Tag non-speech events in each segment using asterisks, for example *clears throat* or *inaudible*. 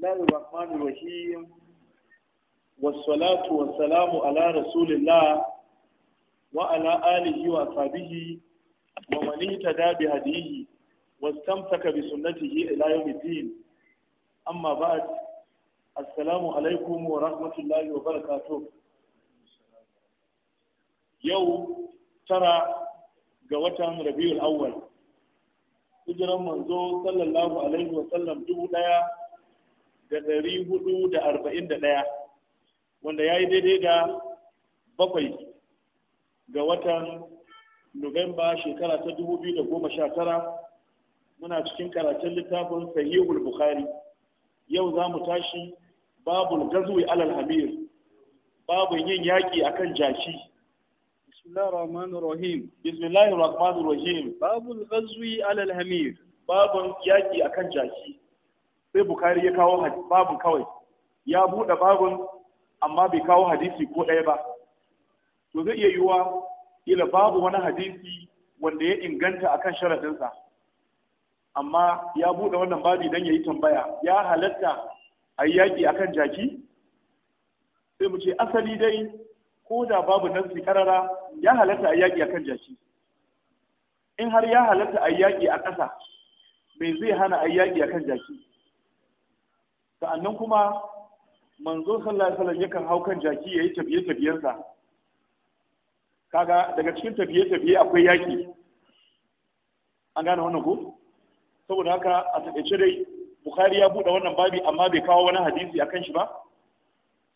الله الرحمن الرحيم والصلاة والسلام على رسول الله وعلى آله وأصحابه ومن اهتدى بهديه واستمسك بسنته إلى يوم الدين أما بعد السلام عليكم ورحمة الله وبركاته يوم ترى جوة ربيع الأول hijiran manzo sallallahu alaihi wa sallam dubu daya da ɗari hudu da arba'in da ɗaya wanda ya yi daidai da bakwai ga watan nuwamba shekara ta dubu biyu da goma sha tara muna cikin karatun littafin sahihul bukhari yau za mu tashi babul gazwi alal hamir babu yin yaƙi akan jaki bismillahir rahmanir rahim الرحيم بسم الله الرحمن الرحيم باب akan jaki sai bukari ya kawo babun kawai ya buɗe babun amma bai kawo hadisi ko ɗaya ba to zai iya yiwuwa ila babu wani hadisi wanda ya inganta akan sharaɗinsa amma ya buɗe wannan babi don ya yi tambaya ya halatta a yi yaƙi akan jaki sai mu ce asali dai ko da babu su karara ya halatta a yaƙi akan jaki in har ya halatta a yaƙi a ƙasa bai zai hana a yaƙi akan jaki sa'annan kuma manzo sallallahu alaihi wasallam yakan hau kan jaki yayi tafiye tafiyensa kaga daga cikin tafiye tafiye akwai yaki an gane wannan ko saboda haka a taƙaice dai bukhari ya buɗe wannan babi amma bai kawo wani hadisi akan shi ba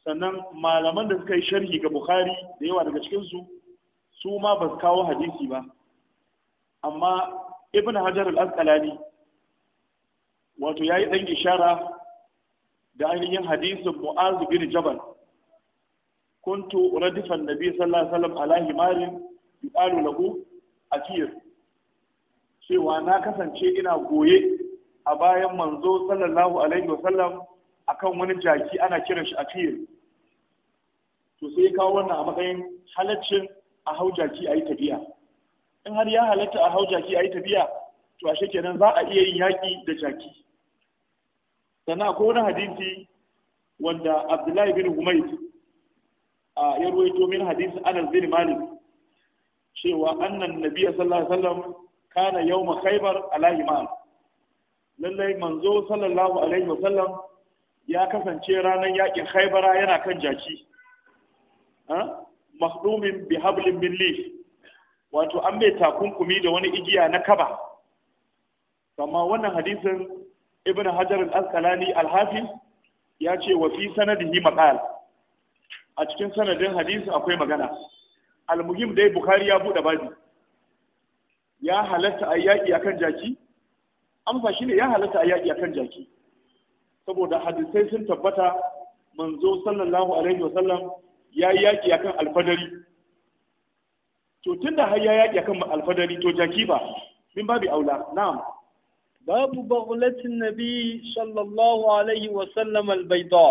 sannan malaman da suka yi sharhi ga bukhari da yawa daga cikin su su ma ba su kawo hadisi ba amma ibn hajar al-asqalani wato yayi dan ishara da ainihin hadisin mu'az bin jabal kuntu radifan nabi sallallahu alaihi wasallam ala himarin yuqalu lahu akir cewa na kasance ina goye a bayan manzo sallallahu alaihi wasallam akan wani jaki ana kiran shi akir to sai kawo wannan a matsayin halaccin a hau jaki a yi tafiya in har ya halatta a hau jaki a yi tafiya to a kenan za a iya yin yaƙi da jaki sannan akwai wani hadisi wanda abdullahi bin humaid a yarwai min hadisi anas bin malik cewa annan nabiya sallallahu alaihi wasallam kana yau khaybar ala lallai manzo sallallahu alaihi wasallam ya kasance ranar yakin khaybara yana kan jaki mahdumin bihablin hablin wato an mai takunkumi da wani igiya na kaba amma wannan hadisin ibn hajar al-asqalani al-hafiz ya ce wa fi sanadihi maqal a cikin sanadin hadisi akwai magana al-muhim dai bukhari ya bude babu ya halatta a yaƙi akan jaki amsa shine ya halatta a yaƙi akan jaki saboda hadisai sun tabbata manzo sallallahu alaihi wa sallam ya yaƙi akan alfadari to tunda har ya yaƙi akan alfadari to jaki ba min babu aula na'am babu baghlatin nabi sallallahu alaihi wa sallam albayda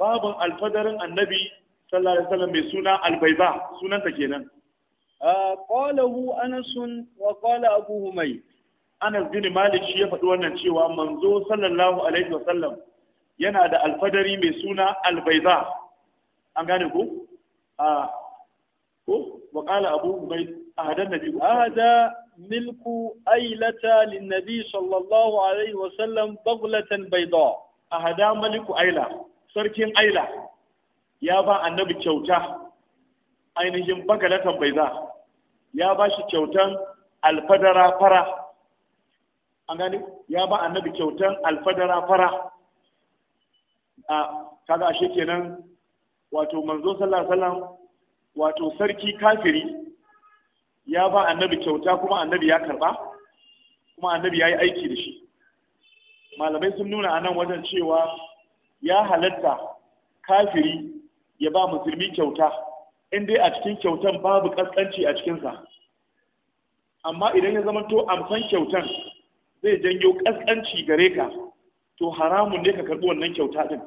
babun alfadarin annabi sallallahu alaihi wa sallam mai suna albayda sunanta kenan qalahu anas wa qala abu humay anas bin malik shi ya faɗi wannan cewa manzo sallallahu alaihi wa sallam yana da alfadari mai suna albayda an gane ko a milku ailata linabi sallallahu alaihi wasallam baglatan baida a hada maliku aila sarkin aila ya ba annabi kyauta ainihin bagalatan baida ya ba shi kyautan alfadara fara an gani ya ba annabi kyautan alfadara fara a kaga ashe kenan wato manzo sallallahu wato sarki kafiri ya ba annabi kyauta kuma annabi ya karba kuma annabi ya yi aiki da shi malamai sun nuna a nan wajen cewa ya halatta kafiri ya ba musulmi kyauta in dai a cikin kyautan babu kaskanci a cikinsa amma idan ya zama to amsan kyautan zai janyo kaskanci gare ka to haramun ne ka karɓi wannan kyauta din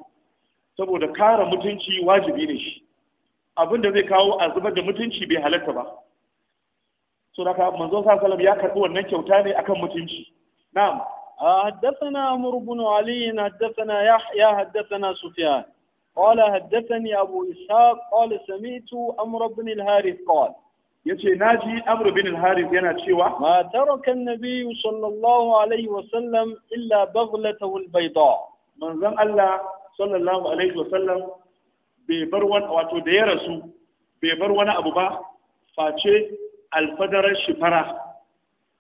saboda kare mutunci wajibi ne shi abin da zai kawo a zubar da mutunci bai halatta ba so da ka manzo sa sallam ya karbi wannan kyauta ne akan mutunci na'am حدثنا عمرو بن علي حدثنا يحيى حدثنا سفيان قال حدثني أبو إسحاق قال سمعت أمر بن الحارث قال yace naji amru bin al-harith yana cewa ma taraka an sallallahu alaihi wa sallam illa baghlatahu al-bayda manzon Allah sallallahu alaihi wa sallam bai bar wani wato da ya rasu bai bar wani abu ba face alfadarar shi fara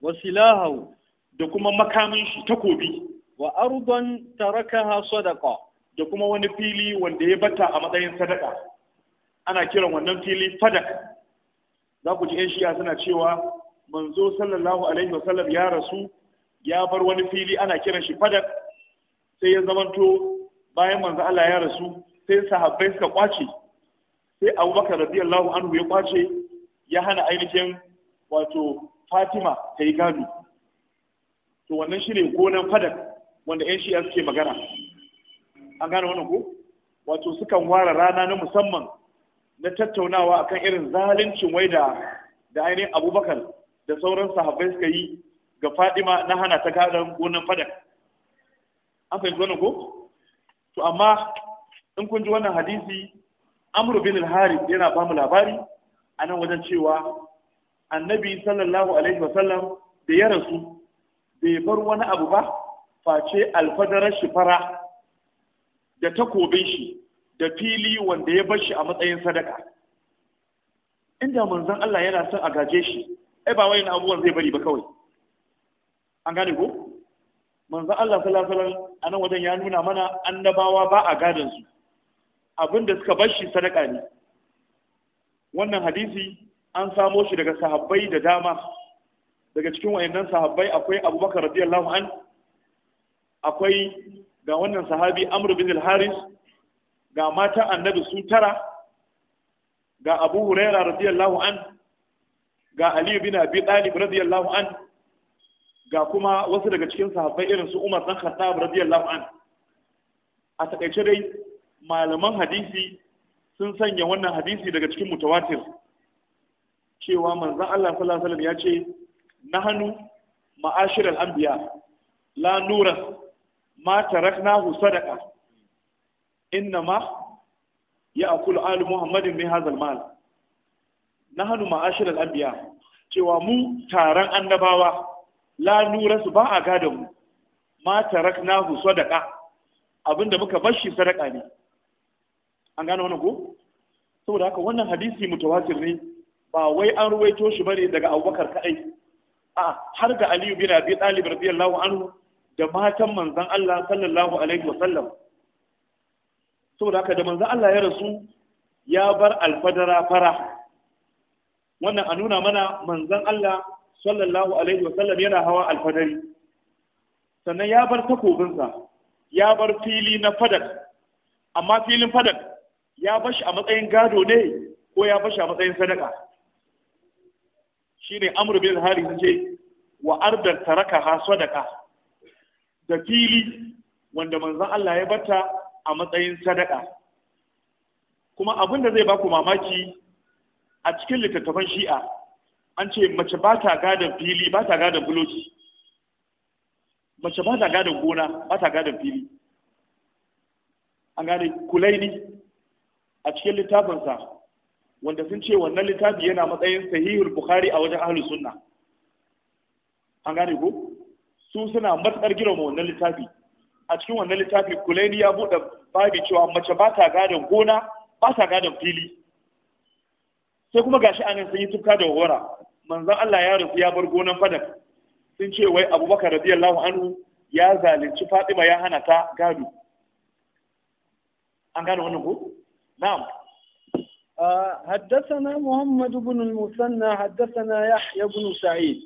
wa silahu da kuma makamin shi takobi wa taraka tarakaha sadaqa da kuma wani fili wanda ya bata a matsayin sadaka ana kiran wannan fili fadak za ku ji 'yan shi'a suna cewa manzo sallallahu alaihi wasallam ya rasu ya bar wani fili ana kiran shi fadak sai ya zamanto bayan manzo Allah ya rasu sai sahabbai suka kwace sai Abubakar radiyallahu anhu ya kwace ya hana ainihin wato fatima ta yi gado to wannan shi ne gonan fadak wanda 'yan shi'a suke magana an gane wannan ko wato sukan ware rana na musamman na tattaunawa akan irin zaluncin wai da da ainihin abubakar da sauran sahabbai suka yi ga fadima na hana ta gadon gonan fadak an fahimci wannan ko to amma in kun ji wannan hadisi amru bin al-harith yana ba mu labari a nan wajen cewa annabi sallallahu alaihi wasallam da ya rasu bai bar wani abu ba face alfadarar shi fara da takobin shi da fili wanda ya bar shi a matsayin sadaka inda manzon Allah yana son a gaje shi ai ba abu abubuwan zai bari ba kawai an gane ko manzon Allah sallallahu alaihi wasallam nan wajen ya nuna mana annabawa ba a gadon su abinda suka bar shi sadaka ne wannan hadisi an samo shi daga sahabbai da dama daga cikin wayannan sahabbai akwai abubakar radiyallahu an akwai ga wannan sahabi amr bin al-haris ga matan annabi su tara ga abu huraira radiyallahu an ga ali bin abi talib radiyallahu an ga kuma wasu daga cikin sahabbai irin su umar dan khattab radiyallahu an a takaice dai malaman hadisi sun sanya wannan hadisi daga cikin mutawatir cewa manzan Allah sallallahu alaihi ya ce hannu ma'ashir al'ambiya la nura ma taraknahu sadaqa innama ya'kulu alu muhammadin min hadha al na hannu ma'ashir al'ambiya cewa mu taron annabawa la nura su ba a gada mu ma taraknahu sadaka. abinda muka bashi sadaka ne an gano wannan ko saboda haka wannan hadisi mutawatir ne ba wai an ruwaito shi bane daga Abubakar kaɗai. a har da Aliyu bin Abi Talib radiyallahu anhu da matan manzon Allah sallallahu alaihi wa sallam. saboda haka da manzon Allah ya rasu ya bar alfadara fara wannan a nuna mana manzon Allah sallallahu alaihi wa sallam yana hawa alfadari sannan ya bar takobinsa ya bar fili na fadak amma filin fadak ya bashi a matsayin gado ne ko ya bashi a matsayin sadaka shine amr bin hari ce wa ardan taraka ha sadaka da fili wanda manzon Allah ya bata a matsayin sadaka kuma abin da zai baku mamaki a cikin littattafan shi'a an ce mace ba ta gadon fili ba ta gadon buloci mace ba ta gadon gona ba ta gadon fili an gane kulai ne. a cikin littafinsa wanda sun ce wannan littafi yana matsayin sahihul bukhari a wajen ahlus sunna an gane ko su suna matsar girma wannan littafi a cikin wannan littafi kulaini ya buɗe babi cewa mace ba ta gadon gona ba ta gadon fili sai kuma gashi anan sun yi tufka da wawara manzon Allah ya rufu ya bar gonan fadak sun ce wai abubakar radiyallahu anhu ya zalunci fatima ya hana ta gado an gane wannan ko نعم حدثنا محمد بن المثنى حدثنا يحيى بن سعيد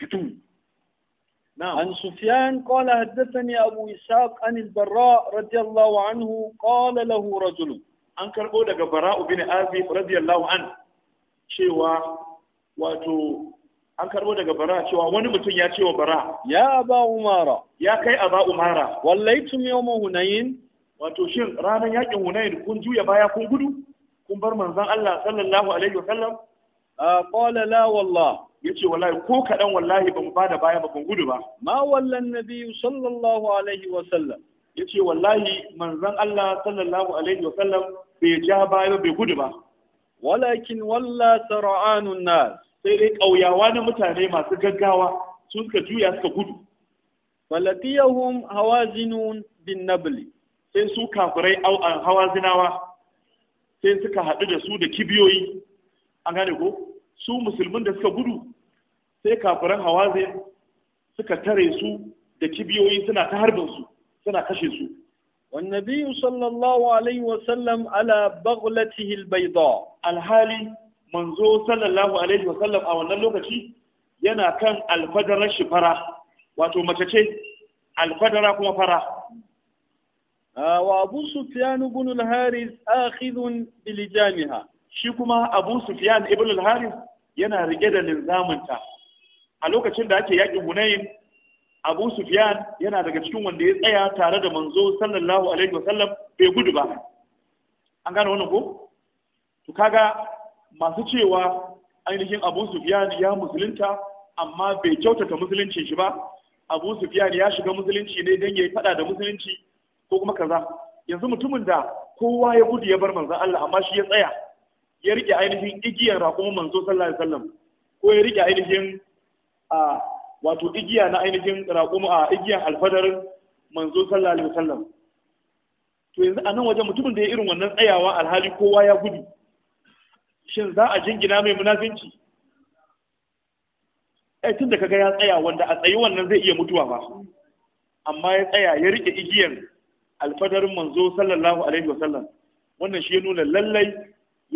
*clears throat* نعم عن سفيان قال حدثني أبو إسحاق عن البراء رضي الله عنه قال له رجل an karɓo daga bara'u bin radiyallahu an an daga bara cewa wani mutum ya ce wa bara ya aba umara ya kai aba umara wallaitum yawma hunayn wato shin ranar yakin hunain kun juya baya kun gudu kun bar manzon Allah sallallahu alaihi wasallam ah, qala la wallah yace wallahi ko kadan wallahi ba mu bada baya ba kun gudu ba ma wallan nabi sallallahu alaihi wasallam yace wallahi manzon Allah sallallahu alaihi wasallam bai ja baya bai gudu ba walakin walla sar'anun nas sai dai kauyawa na mutane masu gaggawa sun suka juya suka gudu falatiyahum hawazinun bin nabli sai su kafirai au an hawa zinawa sai suka haɗu da su da kibiyoyi an gane ko su musulmin da suka gudu sai kafiran hawazin suka tare su da kibiyoyi suna ta harbin su suna kashe su والنبي صلى الله عليه وسلم على بغلته البيضاء Alhali, manzo sallallahu alaihi wa sallam, a wannan lokaci yana kan alfadarar shi fara wato mace ce alfadara kuma fara wa abu sufyan ibn al-haris akhidun shi kuma abu sufyan ibn yana rike da linzaminta a lokacin da ake yakin hunayin abu sufyan yana daga cikin wanda ya tsaya tare da manzo sallallahu alaihi wasallam bai gudu ba an gane wannan ko to kaga masu cewa ainihin abu sufyan ya musulunta amma bai kyautata musuluncin shi ba abu sufyan ya shiga musulunci ne don ya yi fada da musulunci ko kuma kaza yanzu mutumin da kowa ya gudu ya bar manzon Allah amma shi ya tsaya ya rike ainihin igiyar raƙon manzo sallallahu alaihi wasallam ko ya rike ainihin a wato igiya na ainihin raƙon a igiyar alfadar manzo sallallahu alaihi wasallam to yanzu a nan wajen mutumin da ya irin wannan tsayawa alhali kowa ya gudu shin za a jingina mai munafinci ai eh, tun da kaga ya tsaya wanda a tsayi wannan zai iya mutuwa ba amma ya tsaya ya rike igiyar alfadarin manzo sallallahu alaihi wasallam wannan shi ya nuna lallai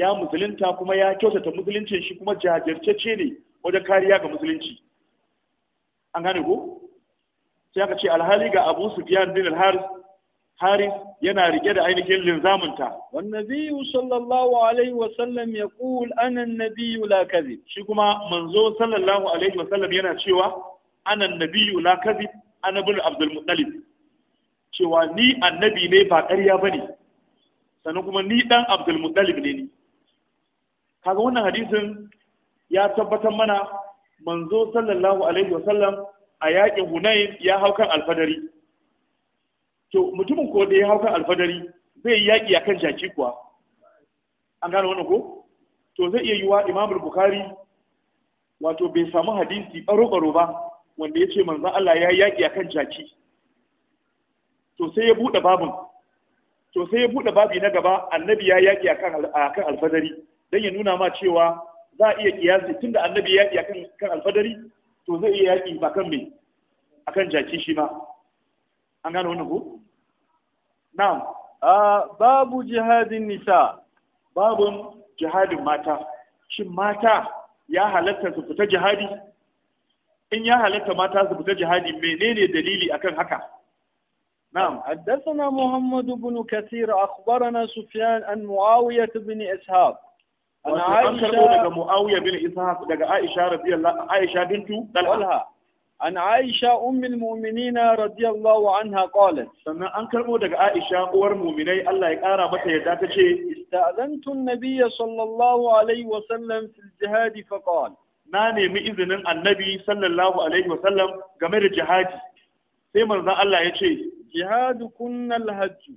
ya musulunta kuma ya kyautata musuluncin shi kuma ce ne wajen kariya ga musulunci an gane ko sai aka ce alhali ga abu sufyan bin al-haris haris yana rike da ainihin linzamunta wan nabiyyu sallallahu alaihi wa sallam yaqul ana an-nabiyyu la kadhib shi kuma manzo sallallahu alaihi wa sallam yana cewa ana an-nabiyyu la kadhib ana bin abdul muttalib cewa ni annabi ne ba ƙarya ba ne sannan kuma ni ɗan abdulmuttalib ne ni kaga wannan hadisin ya tabbatar mana manzo sallallahu alaihi wasallam a yaƙin hunayin ya hau kan alfadari to mutumin ko da ya hau kan alfadari zai yi yaƙi a kan jaki kuwa an gane wannan ko to zai iya yiwa imam bukhari wato bai samu hadisi ɓaro-ɓaro ba wanda ya ce manzo Allah ya yi yaƙi a kan jaki to sai ya buɗe babin to sai ya buɗe babi na gaba annabi ya yaƙi akan alfadari dan ya nuna ma cewa za a iya kiyasi tunda annabi ya yaki akan alfadari to zai iya yaƙi ba kan me akan jaki shi ma an gane wannan ko na'am babu jihadin nisa babun jihadin mata shin mata ya halatta su fita jihadi in ya halatta mata su fita jihadi menene dalili akan haka نعم حدثنا محمد بن كثير أخبرنا سفيان عن معاوية بن إسحاق عن عائشة معاوية بن إسحاق دقى عائشة رضي الله عائشة بنت طلحة عن عائشة أم المؤمنين رضي الله عنها قالت سنة أنكر مودك عائشة أور مؤمني الله يقارى متى يداتك استأذنت النبي صلى الله عليه وسلم في الجهاد فقال ناني مئذن النبي صلى الله عليه وسلم قمر جهادي سيما الله يتشي jihadu kunna hajju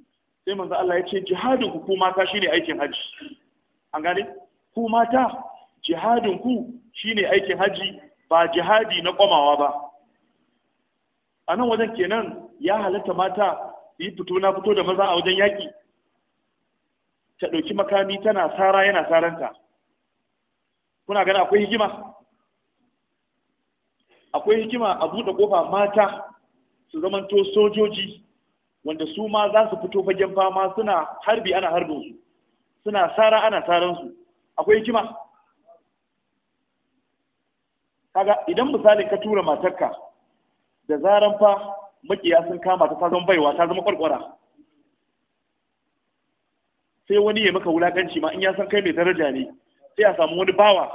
sai manzo Allah ya ce jihadu ku kuma mata shine aikin haji an gane ku mata jihadin ku shine aikin haji ba jihadi na komawa ba a nan wajen kenan ya halatta mata yi fito na fito da maza a wajen yaki ta ɗauki makami tana sara yana saranta kuna gani akwai hikima akwai hikima a buɗe ƙofa mata su zamanto sojoji wanda su ma za su fito fagen fama suna harbi ana harbin su suna tsara ana tsaran su akwai hikima kaga idan misalin ka tura matarka da zaran fa makiya sun kama ta zama baiwa ta zama kwarkwara sai wani ya maka wulakanci ma in ya san kai mai daraja ne sai a samu wani bawa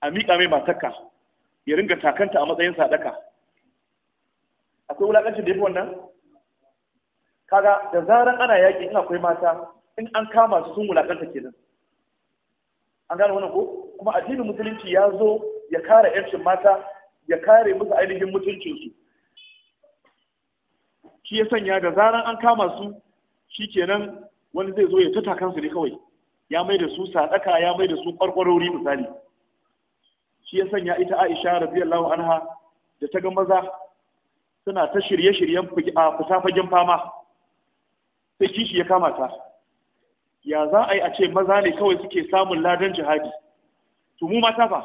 a miƙa mai matarka ya ringa takanta a matsayin sadaka akwai wulakancin da ya fi wannan kaga da zaran ana yaƙi in akwai mata in an kama su sun wulakanta kenan an gane wannan ko kuma addinin musulunci ya zo ya kare yancin mata ya kare musu ainihin mutuncinsu shi ya sanya da zaran an kama su shi kenan wani zai zo ya ta kansu ne kawai ya mai da su sadaka ya mai da su kwarkwarori misali shi ya sanya ita aisha radiyallahu anha da ta ga maza suna ta shirye-shiryen fita fagen fama sai kishi ya kama ta ya za a yi a ce maza ne kawai suke samun ladan jihadi to mu mata fa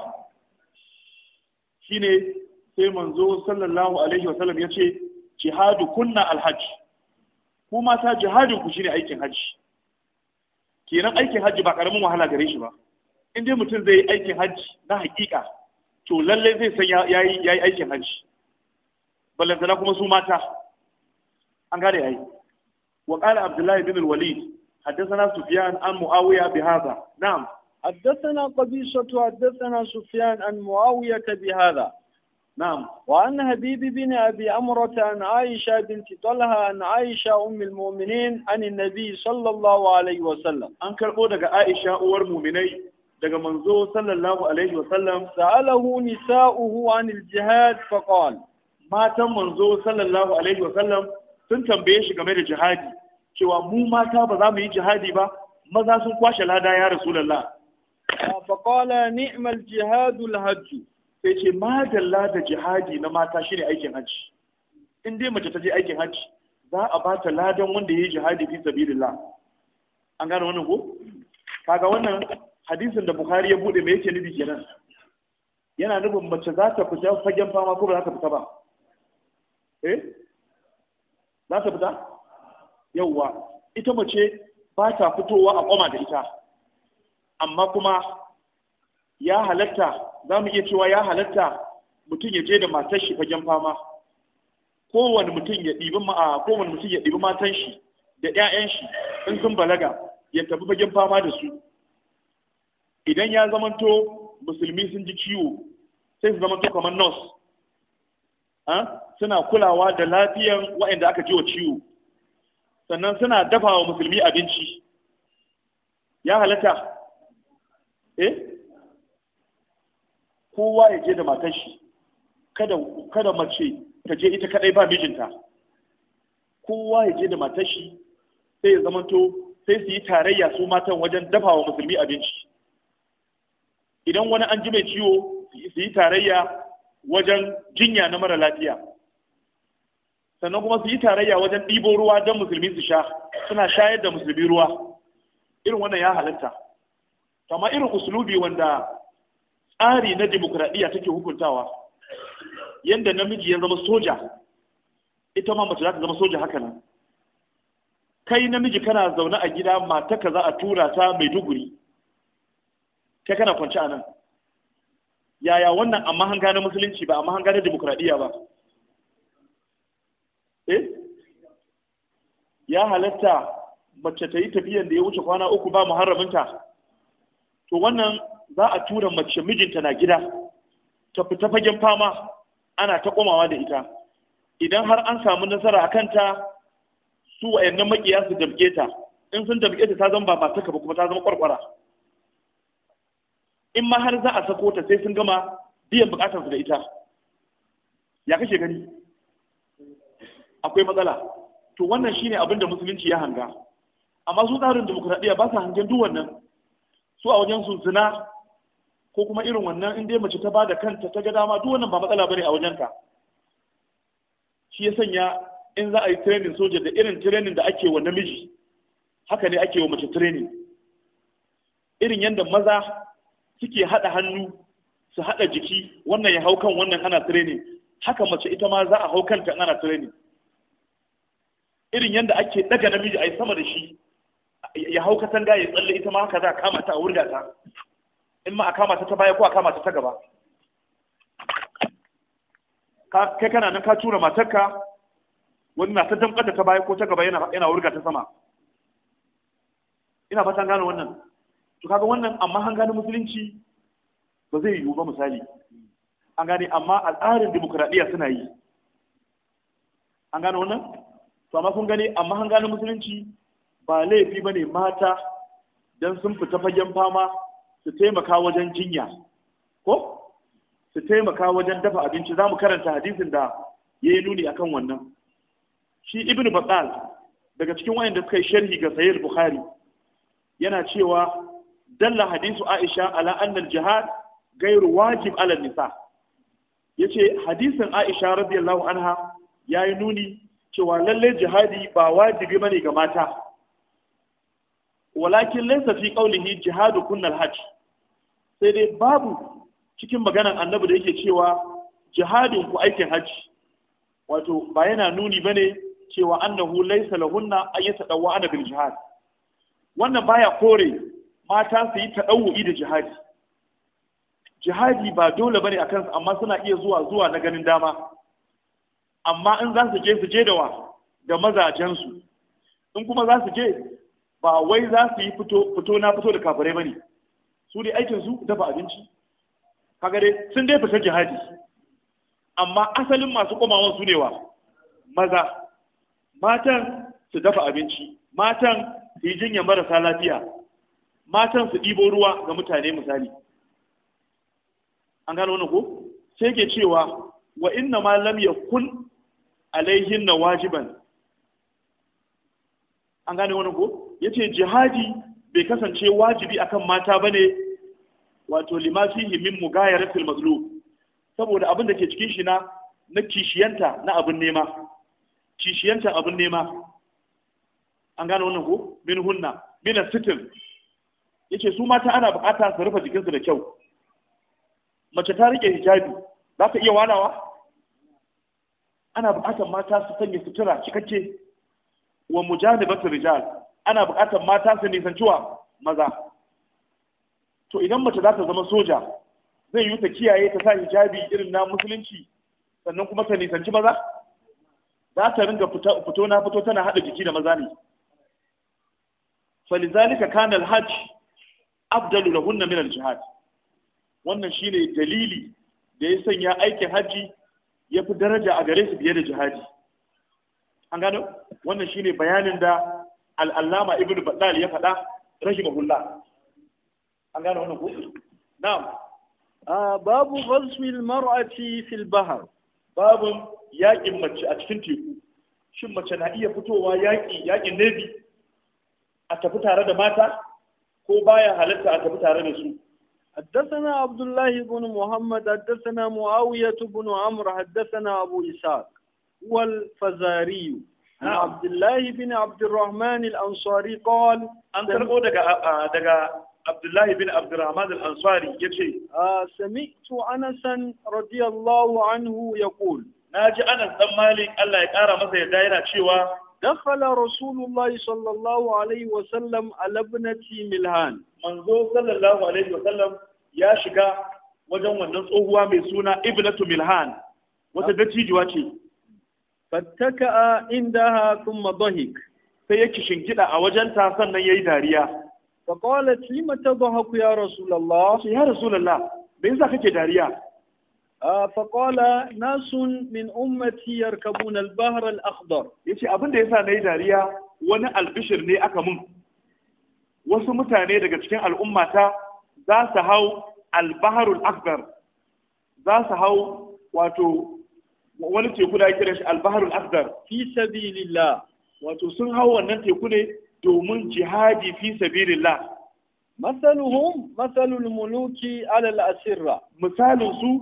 shine sai manzo sallallahu alaihi wasallam ya ce jihadu kunna alhaji ku mata jihadin ku shine aikin haji kenan aikin haji ba karamin wahala gare shi ba in dai mutum zai yi aikin haji na hakika to lallai zai san ya yi aikin haji ballantana kuma su mata an gane ai wa qala abdullah ibn al-walid haddathana sufyan an muawiya bi hadha na'am haddathana qabisa tu haddathana sufyan an muawiya bi hadha na'am wa anna habibi bin abi amrata an aisha bint talha na aisha umm al-mu'minin an an-nabi sallallahu alayhi wa sallam an karbo daga aisha uwar mu'minai daga manzo sallallahu alaihi wa sallam sa'alahu nisa'uhu anil jihad faqala matan manzo sallallahu alaihi wasallam sun tambaye shi game da jihadi cewa mu mata ba za mu yi jihadi ba maza sun kwashe lada ya rasulullah fa qala ni'mal jihadu alhajj sai ce madalla da jihadi na mata shine aikin hajji in dai mace ta je aikin hajji za a ba ta ladan wanda ya yi jihadi fi sabilillah an gane wannan ko kaga wannan hadisin da bukhari ya bude me yake nufi kenan yana nufin mace za ta fita fagen fama ko ba za ta fita ba eh za ta fita yawwa ita mace ba ta fitowa a koma da ita amma kuma ya halatta za mu iya cewa ya halatta mutum ya je da matar shi fagen fama kowane mutum ya ɗibi matan shi da 'ya'yan shi in sun balaga ya tafi fagen fama da su idan ya zamanto musulmi sun ji ciwo sai su zamanto kamar nurse suna kulawa da lafiyan waɗanda aka ji wa ciwo sannan suna dafa wa musulmi abinci ya halatta eh kowa ya je da matan shi kada mace ta je ita kadai ba mijinta kowa ya je da matashi shi sai ya zamanto sai su yi tarayya su matan wajen dafa wa musulmi abinci idan wani an ji mai ciwo su yi tarayya wajen jinya na mara lafiya sannan kuma su yi tarayya wajen ɗibo ruwa don musulmi su sha suna shayar da musulmi ruwa irin wannan ya halatta kama irin usulubi wanda tsari na dimokuraɗiyya take hukuntawa yadda namiji ya zama soja ita ma mace za ta zama soja haka nan kai namiji kana zaune a gida ka za a tura ta mai duguri kai kana kwanci a nan yaya wannan amma hanga na musulunci ba amma hanga na demokradiyya ba eh ya halatta mace ta yi tafiyan da ya wuce kwana uku ba muharraminta to wannan za a tura mace mijinta na gida ta fita fagen fama ana ta komawa da ita idan har an samu nasara a kanta su wayannan makiya su damke ta in sun damke ta ta zama ba ba ta kuma ta zama kwarkwara in ma har za a sako ta sai sun gama biyan bukatarsu da ita ya kashe gani akwai matsala to wannan shine abin da musulunci ya hanga amma su tsarin demokradiyya ba su hangen duk wannan su a wajen su zina ko kuma irin wannan in dai mace ta ba da kanta ta ga dama duk wannan ba matsala bane a ka. shi ya sanya in za a yi training soja da irin training da ake wa namiji haka ne ake wa mace training irin yadda maza suke haɗa hannu su haɗa jiki wannan ya hau kan wannan ana training haka mace ita ma za a hau kanta ana training irin yadda ake daga namiji a yi sama da shi ya hau katanga ya tsalle ita ma haka za a kama ta a wurga ta in ma a kama ta ta baya ko a kama ta ta gaba kai kana nan ka tura matarka wani na ta damƙar da ta baya ko ta gaba yana wurga ta sama ina fatan gano wannan to kaga wannan amma an gane musulunci ba zai yiwu ba misali an gane amma al'adar demokradiyya suna yi an gane wannan to amma kun gane amma an gane musulunci ba laifi ba ne mata don sun fita fagen fama su taimaka wajen jinya ko su taimaka wajen dafa abinci za mu karanta hadisin da ya yi nuni akan wannan shi ibn batal daga cikin wayanda suka yi sharhi ga sayyid bukhari yana cewa dalla hadisu aisha ala annal jihad gairu wajib ala nisa yace hadisin aisha radiyallahu anha yayi nuni cewa lallai jihadi ba wajibi bane ga mata walakin laysa fi qawlihi jihadu kunnar hajj sai dai babu cikin maganar annabi da yake cewa jihadin ku aikin hajji wato ba yana nuni bane cewa annahu laysa lahunna ayyata dawwa ana bil jihad wannan baya kore mata su yi taɗawu'i da jihadi jihadi ba dole bane a kansu amma suna iya zuwa zuwa na ganin dama amma in za su je su je da wa da mazajensu in kuma za su je ba wai za su yi fito na fito da kafirai bane su dai aikin su dafa abinci kaga dai sun dai fita jihadi amma asalin masu komawan su ne wa maza matan su dafa abinci matan su yi jinyar marasa lafiya matan su ɗibo ruwa ga mutane misali an gano wani ko sai ke cewa wa inna ma lam kun alaihin na wajiban an gane wani ko ya ce jihadi bai kasance wajibi akan mata ba ne wato limafihi min mugayar fil mazlum saboda abin da ke cikin shi na na kishiyanta na abin nema kishiyanta abin nema an gane wani ko min hunna min sitin yace su mata ana bukata su rufe su da kyau mace ta rike hijabi za ta iya wanawa ana bukatar mata su sanya sutura cikakke wa mujanibatu rijal ana bukatar mata su nisanci maza to idan mace za ta zama soja zai yi ta kiyaye ta sa hijabi irin na musulunci sannan kuma ta nisanci maza za ta ringa fito na fito tana hada jiki da maza ne falizalika kana alhajj afdalu lahunna min al-jihad wannan shine dalili da ya sanya aikin haji ya fi daraja a gare su biye da jihadi an gano wannan shine bayanin da al-allama ibn baddal ya faɗa rahimahullah an gano wannan ko na'am babu ghazwil mar'ati fil bahr babu yaƙin mace a cikin teku shin mace na iya fitowa yaƙi yaƙin navy a tafi tare da mata ko baya halatta a tafi tare da su حدثنا عبد الله بن محمد حدثنا معاوية بن عمرو حدثنا أبو إسحاق والفزاري عن عبد الله بن عبد الرحمن الأنصاري قال أن تربو دقا دقا عبد الله بن عبد الرحمن الأنصاري يكشي آه سمعت أنسا رضي الله عنه يقول ناجي أنس دم مالك الله يقارى مثل دائرة شوى دخل رسول الله صلى الله عليه وسلم على ابنة ملهان منذ صلى الله عليه وسلم يا شكا وجن wannan tsohuwa mai suna ibnatu milhan wata dattijuwa ce fattaka indaha thumma dhahik sai ya kishingida a wajen ta sannan yayi dariya fa qalat lima tadhaku ya rasulullah ya me kake dariya faƙola nasun min ummati yarkabuna al-bahr al-akhdar yace abin da yasa yi dariya wani albishir ne aka mun wasu mutane daga cikin al'ummata za su hau al-bahr al za su hau wato wani teku da kira al-bahr al fi sabilillah wato sun hau wannan teku ne domin jihadi fi sabilillah masaluhum masalul muluki ala al-asirra misalin su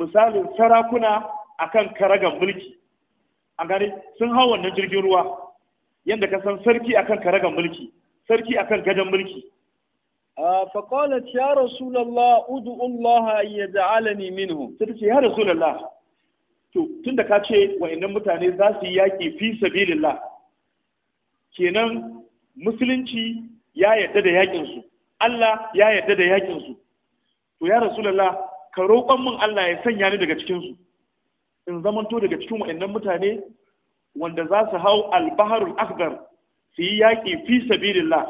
misalin sarakuna akan karagan mulki a gane sun hau wannan jirgin ruwa yadda ka san sarki akan karagan mulki sarki akan gadon mulki lalla يا رسول الله ادعو الله ان يجعلني ta ce ya lalla? to tunda ka ce wayannan mutane za su yi yaƙi, fi sabilillah kenan musulunci ya yarda da yaƙinsu. Allah ya yarda da yaƙinsu. to ya lalla? ka roƙon min Allah ya sanya ni daga cikinsu in zamanto daga cikin wa'annan mutane wanda za su hau al al-baharul akbar su yi yaƙi fi sabilillah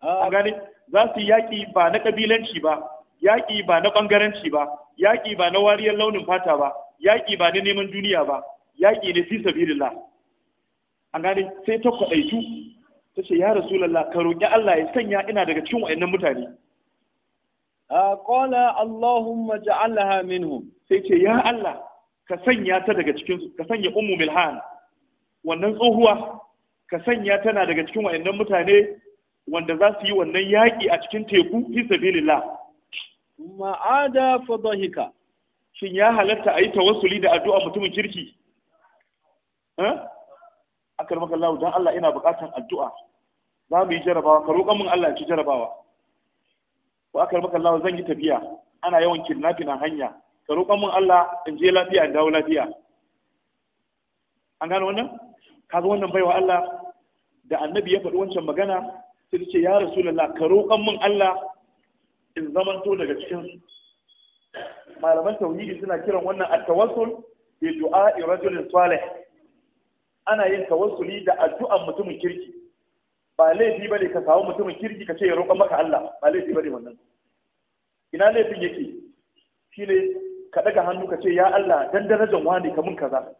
a ah. gani za su yi yaƙi ba na ƙabilanci ba yaƙi ba na ɓangaranci ba yaƙi ba na wariyar launin fata ba yaƙi ba na neman duniya ba yaƙi ne fi sabilillah a gani sai ta kwaɗaitu ta ce ya rasulallah ka roƙi Allah ya sanya ina daga cikin wa'annan mutane Ah, qala allahumma ja'alha minhum sai ce ya Allah ka sanya ta daga cikin su ka sanya ummu milhan wannan tsohuwa ka sanya tana daga cikin wayannan mutane wanda za su yi wannan yaƙi a cikin teku fi sabilillah ma'ada fadahika shin ya halatta a yi tawassuli da addu'a mutumin kirki eh? a karmakan Allah don Allah ina buƙatar addu'a za mu yi jarabawa ka roƙon mun Allah ci jarabawa ko aka maka Allah zan yi tafiya ana yawan kidnapping a hanya ka roƙon mun Allah in je lafiya in dawo lafiya an gano wannan kaga wannan baiwa Allah da annabi ya faɗi wancan magana sai ta ce ya rasulullah ka roƙon mun Allah in zamanto daga cikin malaman tauhidi suna kiran wannan at-tawassul bi du'a rajulin salih ana yin tawassuli da addu'an mutumin kirki ba laifi bane ka samu mutumin kirki ka ce ya roƙa maka Allah ba laifi bane wannan ina laifin yake shine ka daga hannu ka ce ya Allah dan darajar wani ka mun kaza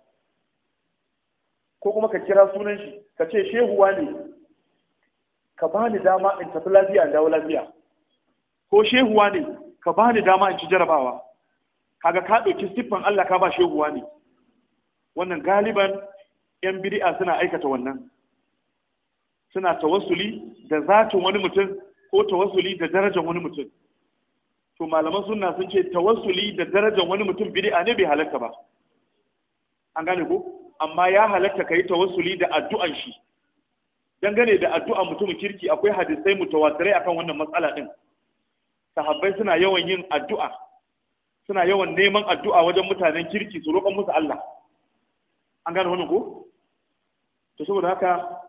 ko kuma ka kira sunan shi ka ce shehu wani ka bani dama in tafi lafiya in dawo lafiya ko shehu wani ka bani dama in ci jarabawa kaga ka ɗauki siffan Allah ka ba shehu wani wannan galiban yan bid'a suna aikata wannan suna tawassuli da zatin wani mutum ko tawassuli da darajar wani mutum to malaman sunna sun ce tawassuli da darajar wani mutum bid'a ne bai halatta ba an gane ko amma ya halatta kai tawassuli da addu'an shi dangane da addu'a mutum kirki akwai hadisai mutawatirai akan wannan matsala din sahabbai suna yawan yin addu'a suna yawan neman addu'a wajen mutanen kirki su roƙon musu Allah an gane wannan ko to saboda haka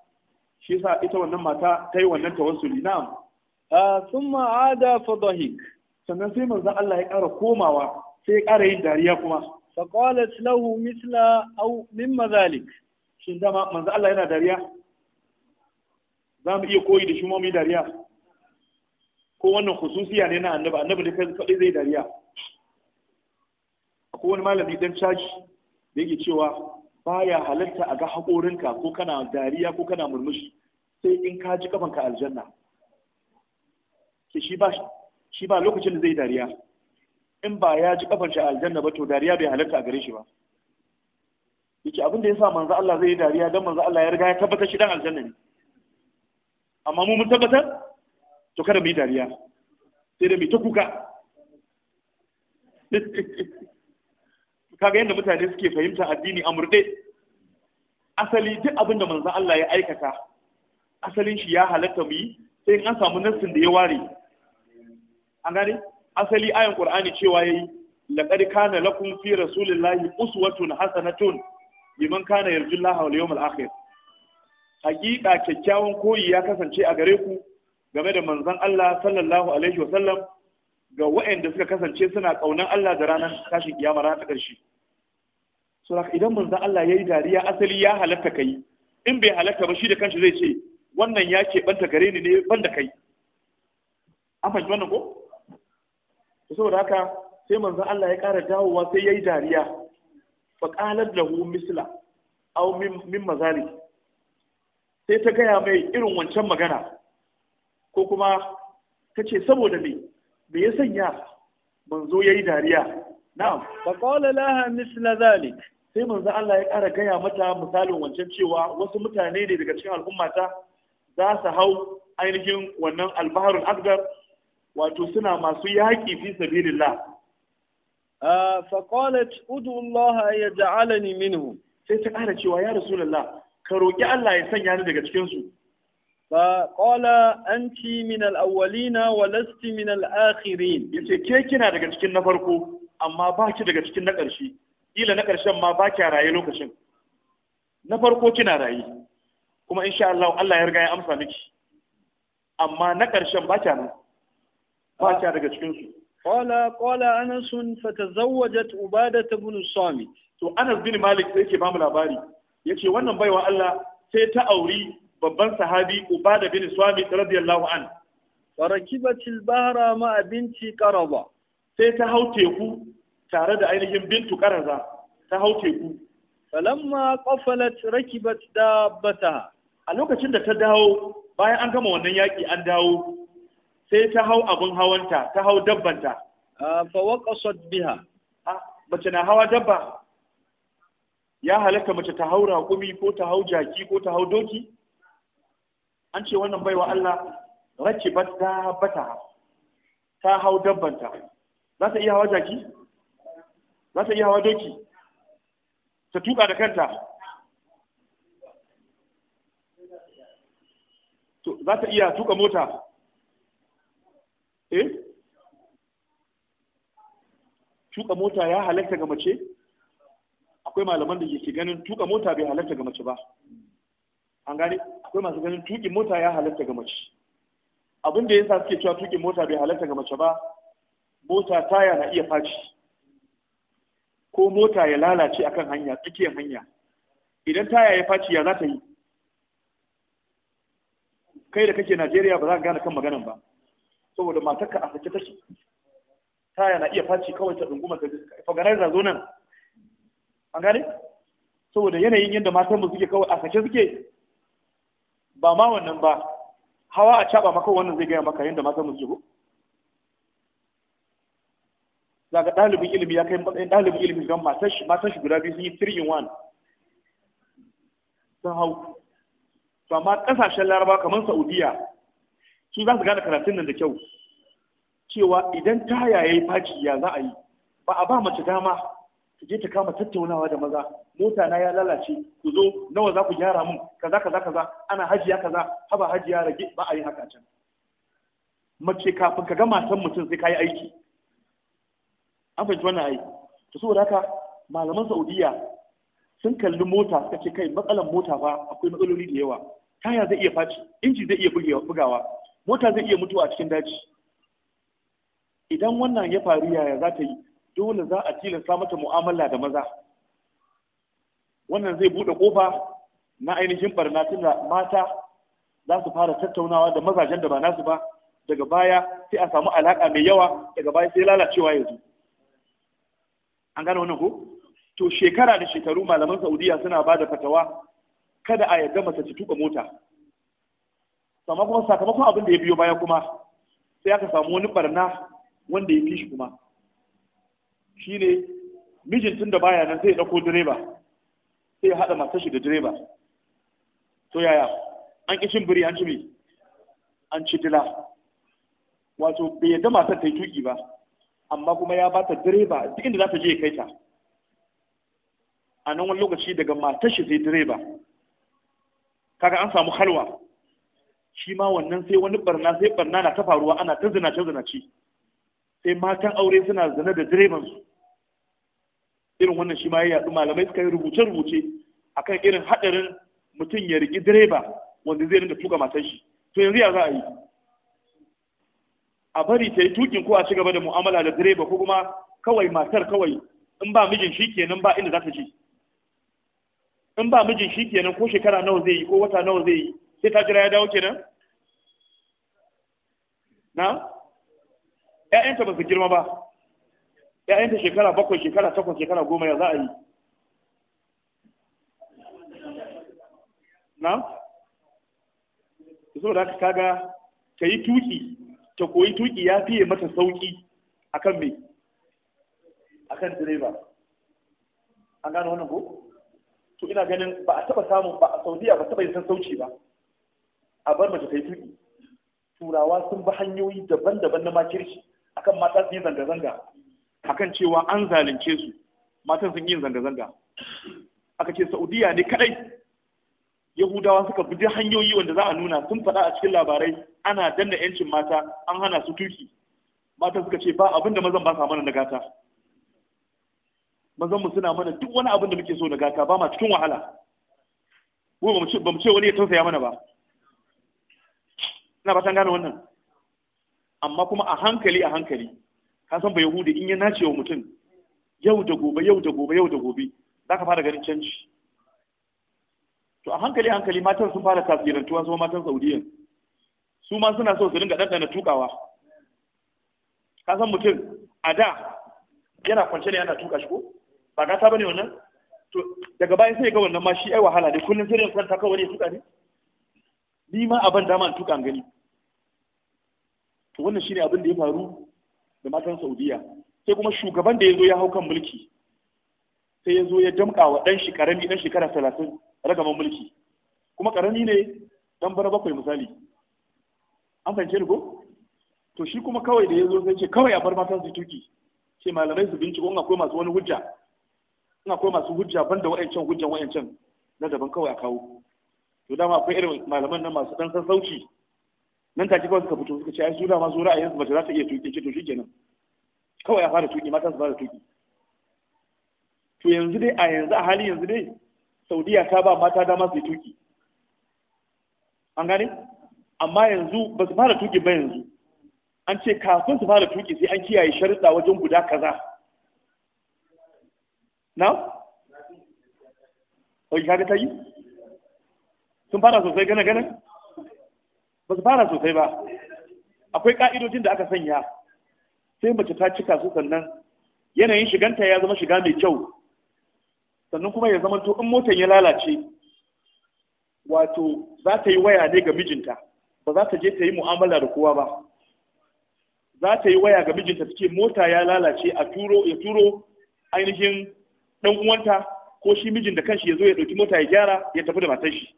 shi yasa ita wannan mata ta yi wannan tawassuli na A ada fa sannan sai manza Allah ya ƙara komawa sai ya ƙara yin dariya kuma fa lahu misla au min mazalik. shin dama manzon Allah yana dariya za mu iya koyi da shi mu dariya ko wannan khususiya ne na annabi annabi ne kai zai dariya akwai wani malami dan caji da yake cewa baya halatta a ga haƙorinka ko kana dariya ko kana murmushi sai in ka ji kafanka aljanna Sai shi ba lokacin da zai dariya in ba ya ji kafan shi aljanna ba to dariya bai halatta a gare shi ba yake abin da sa manzo Allah zai yi dariya dan manzo Allah ya riga ya tabbatar shi dan aljanna ne amma mu mun tabbatar to kada mu yi dariya sai da mu ta kuka *laughs* kaga yadda mutane suke fahimta addini a asali duk abin da manzon Allah ya aikata asalin shi ya halatta mu yi sai in an samu nassin da ya ware an gane asali ayan qur'ani cewa yayi laqad kana lakum fi rasulillahi uswatun hasanatun liman kana yarjullaha wal yawmal akhir hakika kyakkyawan koyi ya kasance a gare ku game da manzon Allah sallallahu alaihi sallam. ga waɗanda suka kasance suna ƙaunar Allah da ranar tashin kiyama ranar ta ƙarshe Sura idan manzon Allah ya yi dariya asali ya halatta kai in bai halatta ba shi da kanshi zai ce wannan ya ke banta gare ni ne ban da kai an fahimci wannan ko saboda haka sai manzon Allah ya ƙara dawowa sai ya yi dariya fa da hu misla aw min mazali sai ta gaya mai irin wancan magana ko kuma ta ce saboda me me ya sanya manzo yi dariya na'am ba qala laha misla zalik sai manzo Allah ya ƙara gaya mata misalin wancan cewa wasu mutane ne daga cikin al'ummata za su hau ainihin wannan albaharun akbar wato suna masu yaƙi fi sabilillah ah, fa qalat udu Allah ya ja'alani minhu sai ta ƙara cewa ya rasulullah ka roƙi Allah ya sanya ni daga cikin su فقال أنت من الأولين ولست من الآخرين yace ke kina daga cikin na farko amma ba ki daga cikin na ƙarshe kila na ƙarshen ma ba ki raye lokacin na farko kina raye kuma insha Allah Allah ya riga ya amsa miki amma na ƙarshen ba ki nan ba ki daga cikin su qala qala Anas fa tazawwajat Ubadah ibn Samit to Anas bin Malik sai yake ba mu labari yace wannan baiwa Allah sai ta auri babban sahabi Ubada bin Swami radiyallahu an. Farakibatil bahra ma abinci Qaraba. Sai ta hau teku tare da ainihin bintu Qaraza. Ta hau teku. Falamma qafalat rakibat bata. A lokacin da ta dawo bayan an gama wannan yaki an dawo sai ta hau abun hawanta, ta hau dabbanta. Fa waqasat biha. Mace na hawa dabba ya halatta mace ta hau raƙumi ko ta hau jaki ko ta hau doki? an ce wannan baiwa Allah rake ba ta bata ta hau dabbanta za ta iya hawa jaki za ta iya hawa doki ta tuka da kanta za ta iya tuka mota eh tuka mota ya halatta ga mace akwai malaman da ke ganin tuka mota bai halatta ga mace ba an gane akwai masu ganin tuƙin mota ya halatta ga mace abin da yasa suke cewa tuƙin mota bai halatta ga mace ba mota taya na iya faci ko mota ya lalace akan hanya tsakiyar hanya idan taya ya faci ya za ta yi kai da kake Najeriya ba za ka gane kan maganan ba saboda matarka a sake take taya na iya faci kawai ta dunguma ta faganaiza zo nan an gane saboda yanayin yadda matan mu suke kawai a sake suke ba ma wannan ba hawa a caba maka wannan zai gaya maka yadda mata mu zuhu daga ɗalibin ilimi ya kai matsayin ɗalibin ilimi gan matan shi guda biyu sun yi 3 in 1 sun hau to amma ƙasashen laraba kamar saudiya su za su gane karatun nan da kyau cewa idan ta ya faci ya za a yi ba a ba mace dama ta je ta kama tattaunawa da maza mota na ya lalace ku zo nawa za ku gyara mun kaza kaza kaza ana hajiya kaza haba hajiya rage ba a yi haka can mace kafin ka ga matan mutum sai ka yi aiki an fahimci wannan ai to saboda haka malaman saudiya sun kalli mota suka ce kai matsalan mota ba akwai matsaloli da yawa taya zai iya faci inji zai iya bugawa mota zai iya mutuwa a cikin daji idan wannan ya faru yaya za ta yi dole za a tilasta mata mu'amala da maza wannan zai buɗe ƙofa na ainihin barna tunda mata za su fara tattaunawa da mazajen da ba nasu ba daga baya sai a samu alaka mai yawa daga baya sai lalacewa ya zo an gane wannan ko to shekara da shekaru malaman saudiya suna ba da fatawa kada a yarda mace ta tuka mota sakamakon abin da ya biyo baya kuma sai aka samu wani barna wanda ya fi shi kuma shine mijin tun da baya nan zai ya dauko direba sai ya haɗa matashi da direba to yaya an ƙi biri an ci an ci dila wato bai yadda matar ta yi tuki ba amma kuma ya ba ta direba duk inda za ta je ya kai ta a nan wani lokaci daga matashi zai direba kaga an samu halwa shi ma wannan sai wani barna sai barna na ta faruwa ana ta zina ci sai matan aure suna zane da direban su, irin wannan shi ma ya yaɗu malamai suka yi rubuce-rubuce akan irin haɗarin mutum ya riƙi direba wanda zai rinka tuka matan shi to yanzu ya za a yi a bari ta yi tukin ko a ci gaba da mu'amala da direba ko kuma kawai matar kawai in ba mijin shi kenan ba inda za ta je? in ba mijin shi kenan ko shekara nawa zai yi ko wata nawa zai yi sai ta jira ya dawo kenan na ‘ya'yanta ba su girma ba ‘ya'yanta shekara bakwai shekara takwas shekara goma ya za a yi na? so da aka kaga ta yi tuki ta koyi tuki ya fiye mata sauki akan mai akan direba an gano wannan ko to ina ganin ba a taba samun ba a saudiya ba taba yin sassauci ba a bar mace ta yi tuki turawa sun bi hanyoyi daban-daban na makirci akan mata sun yi zanga-zanga akan cewa an zalunce su matan sun yi zanga-zanga aka ce saudiya ne kadai yahudawa suka bi hanyoyi wanda za a nuna sun faɗa a cikin labarai ana danna yancin mata an hana su tuki mata suka ce ba abinda mazan ba sa mana na gata mazan mu suna mana duk wani abin da muke so na gata ba ma cikin wahala ko ba mu ce wani ya tausaya mana ba ina ba gane wannan amma kuma a hankali a hankali ka san ba yahudi in ya nace wa mutum yau da gobe yau da gobe yau da gobe za ka fara ganin canji to a hankali hankali matan sun fara tasirantuwa zuwa matan saudiyan su ma suna so su dinga ɗanɗana tukawa ka san mutum a da yana kwance ne yana tuka shi ko ba gata ne wannan to daga baya sai ga wannan ma shi ai wahala dai kullum sai ne kwanta kawai ne tuka ne ni ma abin dama tuka gani to wannan shine abin da ya faru da matan Saudiya sai kuma shugaban da ya zo ya hau kan mulki sai ya zo ya damƙa wa ɗan shi ƙarami ɗan shekara talatin ragaman mulki kuma ƙarami ne ɗan bara bakwai misali an fahimce ko to shi kuma kawai da ya zo sai ce kawai a bar matan su tuki ce malamai su binciko in akwai masu wani hujja in akwai masu hujja ban da wa'ancan hujjan wa'ancan na daban kawai a kawo to dama akwai irin malaman nan masu ɗan sassauci nan take kawai suka fito suka ce ai su da masu ra'ayin su ba za ta iya tuki ce to shikenan kawai ya fara tuki mata su fara tuki to yanzu dai a yanzu a hali yanzu dai saudiya ta ba mata dama su yi tuki an gane amma yanzu ba su fara tuki ba yanzu an ce kafin su fara tuki sai an kiyaye sharuɗa wajen guda kaza na? Oyi kaga ta yi? Sun fara sosai gane-gane? ba su fara sosai ba akwai ka'idojin da aka sanya sai mace ta cika su sannan yanayin shiganta ya zama shiga mai kyau sannan kuma ya zama in motar ya lalace wato za ta yi waya ne ga mijinta ba za ta je ta yi mu'amala da kowa ba za ta yi waya ga mijinta suke mota ya lalace a turo ya turo ainihin dan uwanta ko shi mijin da kanshi ya zo ya ɗauki mota ya gyara ya tafi da matar shi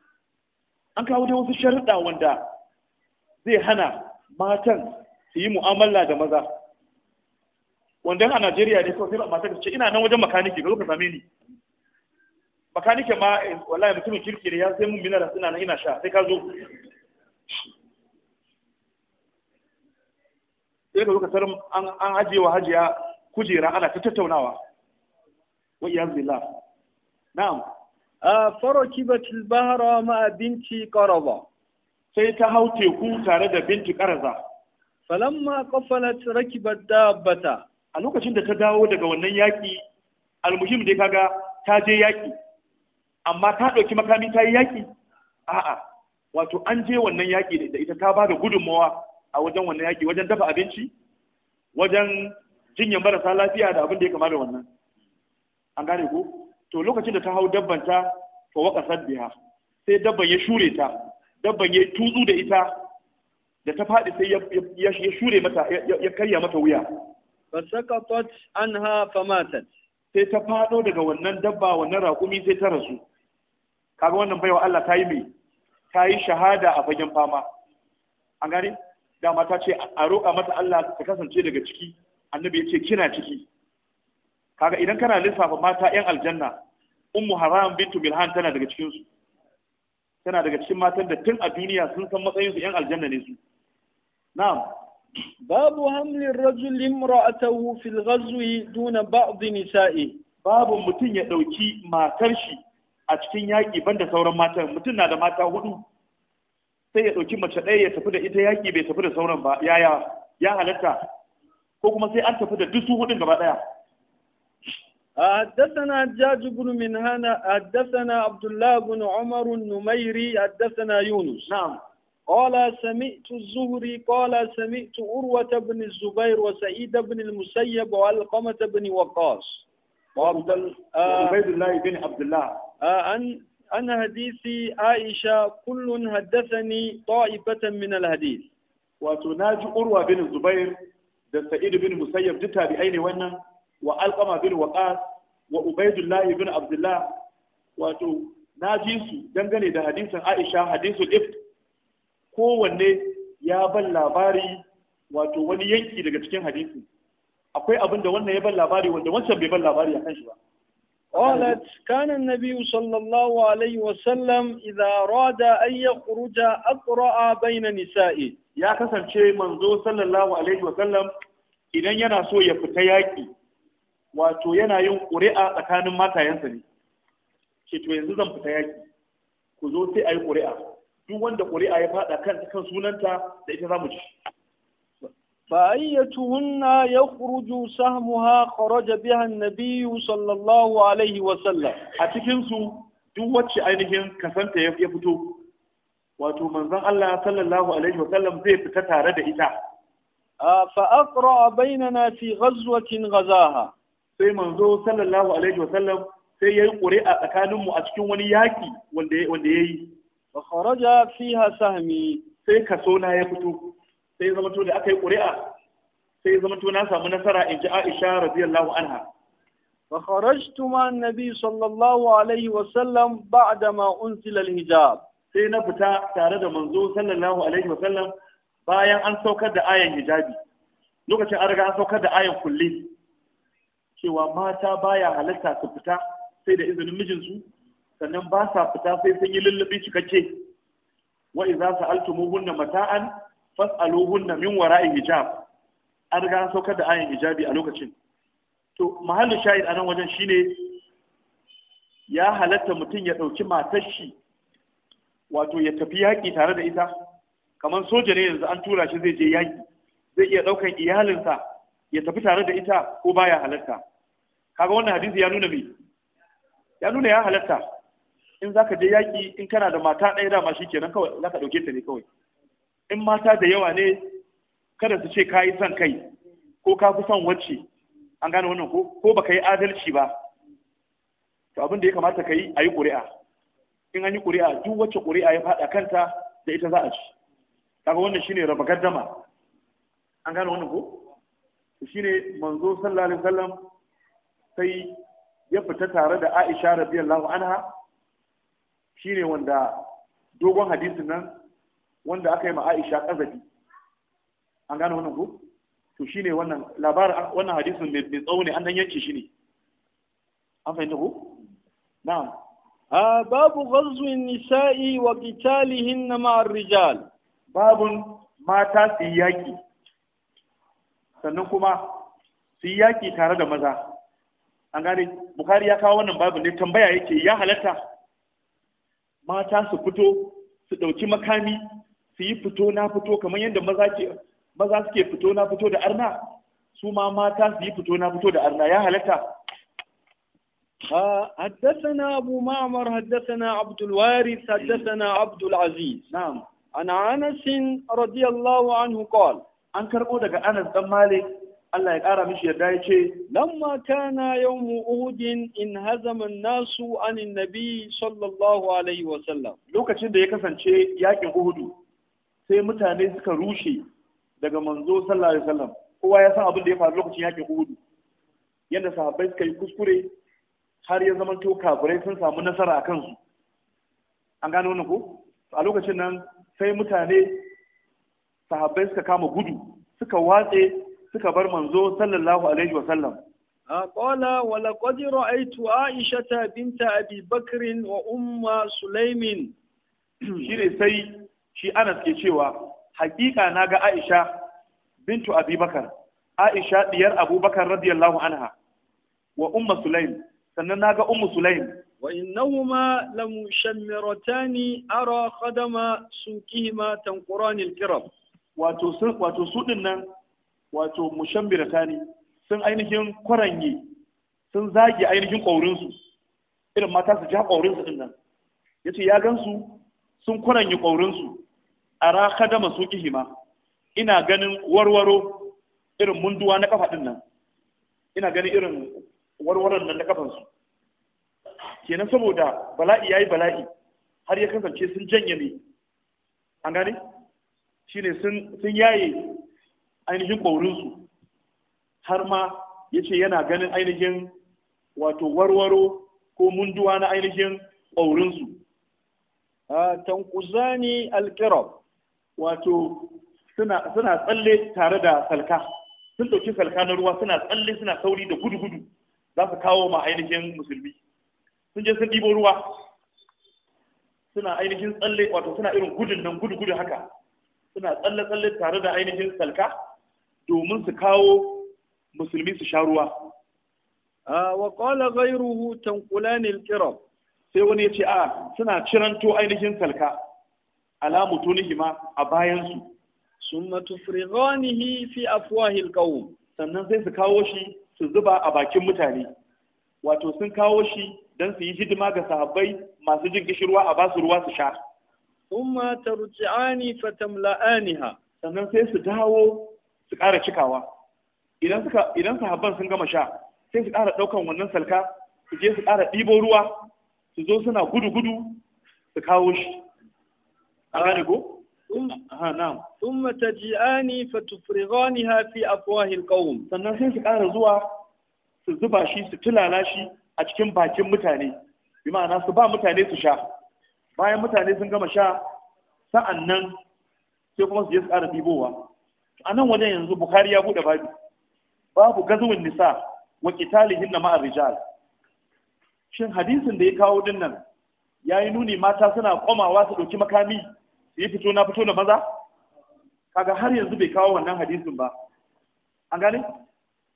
an kawo dai wasu sharuɗa wanda zai hana matan su yi mu'amala da maza wanda a Najeriya ne sosai sai matan ce ina nan wajen makaniki ga zo ka same ni makaniki ma eh, wallahi mutumin kirki ne ya sai mun minara suna nan ina sha sai ka zo sai ka zo ka tarin an ajiye wa hajiya kujera ana ta tattaunawa wa iyaz billah na'am kibatul bahara ma binti qaraba sai ta hau teku tare da binti karaza falamma qafalat rakibat dabbata a lokacin da ta dawo daga wannan yaƙi, almuhim dai kaga ta je yaƙi, amma ta ɗauki makami ta yi yaƙi? a'a wato an je wannan yaƙi da ita ta bada gudunmawa a wajen wannan yaƙi, wajen dafa abinci wajen jinyar marasa lafiya da abin da ya kama da wannan an gane ko to lokacin da ta hau dabban ta fa waka biha sai dabban ya shure ta dabban ya tutsu da ita da ta faɗi sai ya shure mata ya karya mata wuya an ha famatat sai ta faɗo daga wannan dabba wannan raƙumi sai ta rasu kaga wannan baiwa Allah ta yi mai ta yi shahada a fagen fama an gani, da mata ce a roƙa mata Allah ta kasance daga ciki annabi ya ce kina ciki kaga idan kana lissafa mata yan aljanna ummu haram bintu bilhan tana daga cikin su tana daga cikin matan da tun a duniya sun san matsayin su yan aljanna ne su na'am babu hamlin rajulin ra'atahu fil ghazwi duna ba'd nisa'i babu mutum ya dauki matar shi a cikin yaƙi banda sauran matan mutum na da mata hudu sai ya dauki mace ɗaya ya tafi da ita yaƙi bai tafi da sauran ba yaya ya halatta ko kuma sai an tafi da duk su hudun gaba ɗaya حدثنا حجاج بن منهان حدثنا عبد الله بن عمر النميري حدثنا يونس نعم قال سمعت الزهري قال سمعت عروة بن الزبير وسعيد بن المسيب وعلقمة بن وقاص وعبد عبيد الله بن عبد الله أن أن حديثي عائشة كل حدثني طائفة من الحديث وتناج عروة بن الزبير da Sa'id bin Musayyab duk tabi'ai ne wannan wa alqama bin waqas wa ubaydullah ibn abdullah dangane da hadisin aisha hadisul ift kowanne ya ban labari wato wani yanki daga cikin hadisi akwai abin da wannan ya ban labari wanda wancan bai ban labari a قالت كان النبي صلى الله عليه وسلم إذا أراد أن يخرج أقرأ بين نسائه يا كسر شيء منذ صلى الله عليه وسلم إذا ينا سو يفتياكي wato yana yin ƙuri'a tsakanin matayensa ne ke to yanzu zan fita yaki ku zo sai a yi ƙuri'a duk wanda ƙuri'a ya faɗa kan kan sunanta da ita za mu ci فأيتهن يخرج سهمها خرج بها النبي صلى الله عليه وسلم أتكن سو duk wacce ainihin kasanta ya fito wato manzon Allah sallallahu alaihi wa sallam zai fita tare da ita fa aqra bainana fi ghazwatin ghazaha sai manzo sallallahu alaihi wasallam sai yayi ƙuri'a tsakanin mu a cikin wani yaƙi wanda wanda yayi wa kharaja fiha sahmi sai kaso na ya fito sai zama to da aka yi ƙuri'a sai zama to na samu nasara in ji Aisha radiyallahu anha wa kharajtu ma annabi sallallahu alaihi wasallam ba'da ma unzila alhijab sai na fita tare da manzo sallallahu alaihi wasallam bayan an saukar da ayan hijabi lokacin an riga an saukar da ayan kulli cewa mata baya halatta su fita sai da izinin mijinsu sannan ba sa fita sai sun yi lullubi cikakke wa idza hunna mata'an fas'aluhunna min wara'i hijab an riga an saukar da ayin hijabi a lokacin to muhallin shahid a nan wajen shine ya halatta mutum ya ɗauki matar shi wato ya tafi yaƙi tare da ita kamar soja ne yanzu an tura shi zai je yaki, zai iya ɗaukan iyalinsa ya tafi tare da ita ko baya halatta kaga wannan hadisi ya nuna me ya nuna ya halatta in zaka je yaki in kana da mata ɗaya dama shikenan kawai zaka dauke ta ne kawai in mata da yawa ne kada su ce kai son kai ko ka fi son wacce an gane wannan ko ko baka yi adalci ba to abin da ya kamata ka yi a yi ƙuri'a in an yi ƙuri'a duk wacce ƙuri'a ya faɗa kanta da ita za a ci kaga wannan shine raba gaddama an gane wannan ko shi ne manzo sallallahu alaihi wasallam sai ya fita tare da Aisha radiyallahu anha shine wanda dogon hadisin nan wanda aka yi ma Aisha kazafi an gane wannan ko to shine wannan labarin wannan hadisin mai tsauni an dan yanke shi ne an fahimta ko na'am babu ghazwin nisa'i wa qitalihinna ma'ar rijal babun mata su yaki sannan kuma su yi yaƙi tare da maza an gane bukari ya kawo wannan babu ne tambaya yake ya halatta mata su fito su ɗauki makami su yi fito na fito kamar yadda maza ke maza suke fito na fito da arna su ma mata su yi fito na fito da arna ya halatta حدثنا أبو معمر حدثنا عبد الوارث حدثنا عبد العزيز نعم عن أنس رضي الله عنه قال an karbo daga Anas dan Malik Allah ya ƙara mishi yarda ya ce, Lamma kana yawmu Uhudin in hazaman nasu anin nabi sallallahu alaihi wa sallam. Lokacin da ya kasance yakin Uhudu, sai mutane suka rushe daga manzo sallallahu alaihi wasallam. Kowa ya san abin da ya faru lokacin yakin Uhudu. Yadda sahabbai suka yi kuskure har ya zama to kafirai sun samu nasara a kansu. An gano wannan ko? A lokacin nan sai mutane sahabbai suka kama gudu suka watse suka bar manzo sallallahu alaihi wa sallam قال ولقد رأيت عائشة بنت أبي بكر وأم سليم شيري سي شي أنا سكي شيوا حقيقة ناقا عائشة بنت أبي بكر عائشة ديار أبو بكر رضي الله عنها وأم سليم sannan naga ummu sulaim wa innahuma lamushammiratani ara khadama sukihima wato wato su din nan wato mushambirata ne sun ainihin kwaranye sun zage ainihin ƙaurin su irin mata su ja ƙaurin su din nan yace ya gansu sun kwaranye ƙaurin su ara khadama su kihima ina ganin warwaro irin munduwa na kafa din nan ina ganin irin warwaron nan na kafansu kenan saboda bala'i yayi bala'i har ya kasance sun janye ne an gane shine sun sun yaye ainihin ƙaurinsu har ma ya ce yana ganin ainihin wato warwaro ko munduwa na ainihin ƙaurinsu. Tankuzani alkirab wato suna tsalle tare da salka sun ɗauki salka na ruwa suna tsalle suna sauri da gudu-gudu za su kawo ma ainihin musulmi sun je sun ɗibo ruwa suna ainihin tsalle wato suna irin gudun nan gudu-gudu haka suna tsalle-tsalle tare da ainihin salka domin su kawo musulmi su sha ruwa wa qala ghayruhu tanqulan al-qirab sai wani ya ce a suna ciranto ainihin salka ala mutunihima a bayan su summa tufrighanihi fi afwahil qawm sannan sai su kawo shi su zuba a bakin mutane wato sun kawo shi don su yi hidima ga sahabbai masu jin kishirwa a basu ruwa su sha thumma tarji'ani fatamla'aniha sannan sai su dawo su ƙara cikawa idan suka sahabban sun gama sha sai su ƙara ɗaukan wannan salka su je su ƙara ɗibo ruwa su zo suna gudu gudu su kawo shi a gane ko ثم تجيئاني فتفرغانها في أفواه القوم sannan sai su ƙara zuwa su zuba shi su tilala shi a cikin bakin mutane bi ma'ana su ba mutane su sha bayan mutane sun gama sha sa'an nan sai kuma su je su ƙara ɗibowa a nan wajen yanzu bukari ya buɗe babu babu gazuwin nisa wa qitalihin na ma'ar rijal shin hadisin da ya kawo din nan yi nuni mata suna komawa su ɗauki makami su yi fito na fito da maza kaga har yanzu bai kawo wannan hadisin ba an gane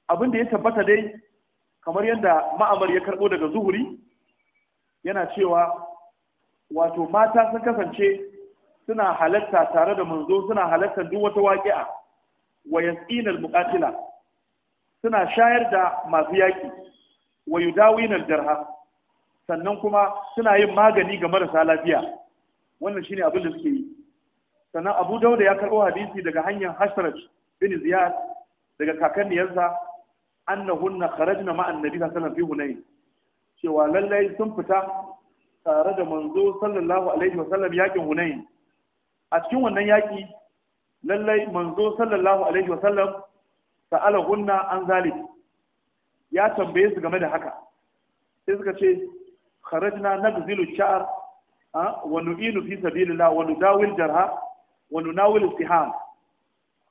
abin da ya tabbata dai kamar yadda ma'amar ya karɓo daga zuhuri yana cewa wato mata sun kasance suna halatta tare da manzo suna halatta duk wata waƙi'a wa yasqinal muqatila suna shayar da masu yaƙi wa yudawinal jarha sannan kuma suna yin magani ga marasa lafiya wannan shine abin da suke yi sannan Abu Dawud ya karɓo hadisi daga hanyar Hasharaj bin Ziyad daga kakanniyarsa annahunna kharajna ma'an nabi sallallahu alaihi wasallam fi hunayn cewa lallai sun fita tare da manzo sallallahu alaihi wa sallam yakin hunain a cikin wannan yaki lallai manzo sallallahu alaihi wa sallam sa'ala hunna an zalik ya tambaye su game da haka sai suka ce kharajna nagzilu sha'r wa nu'inu fi sabilillah wa nudawil jarha wa nunawil istiham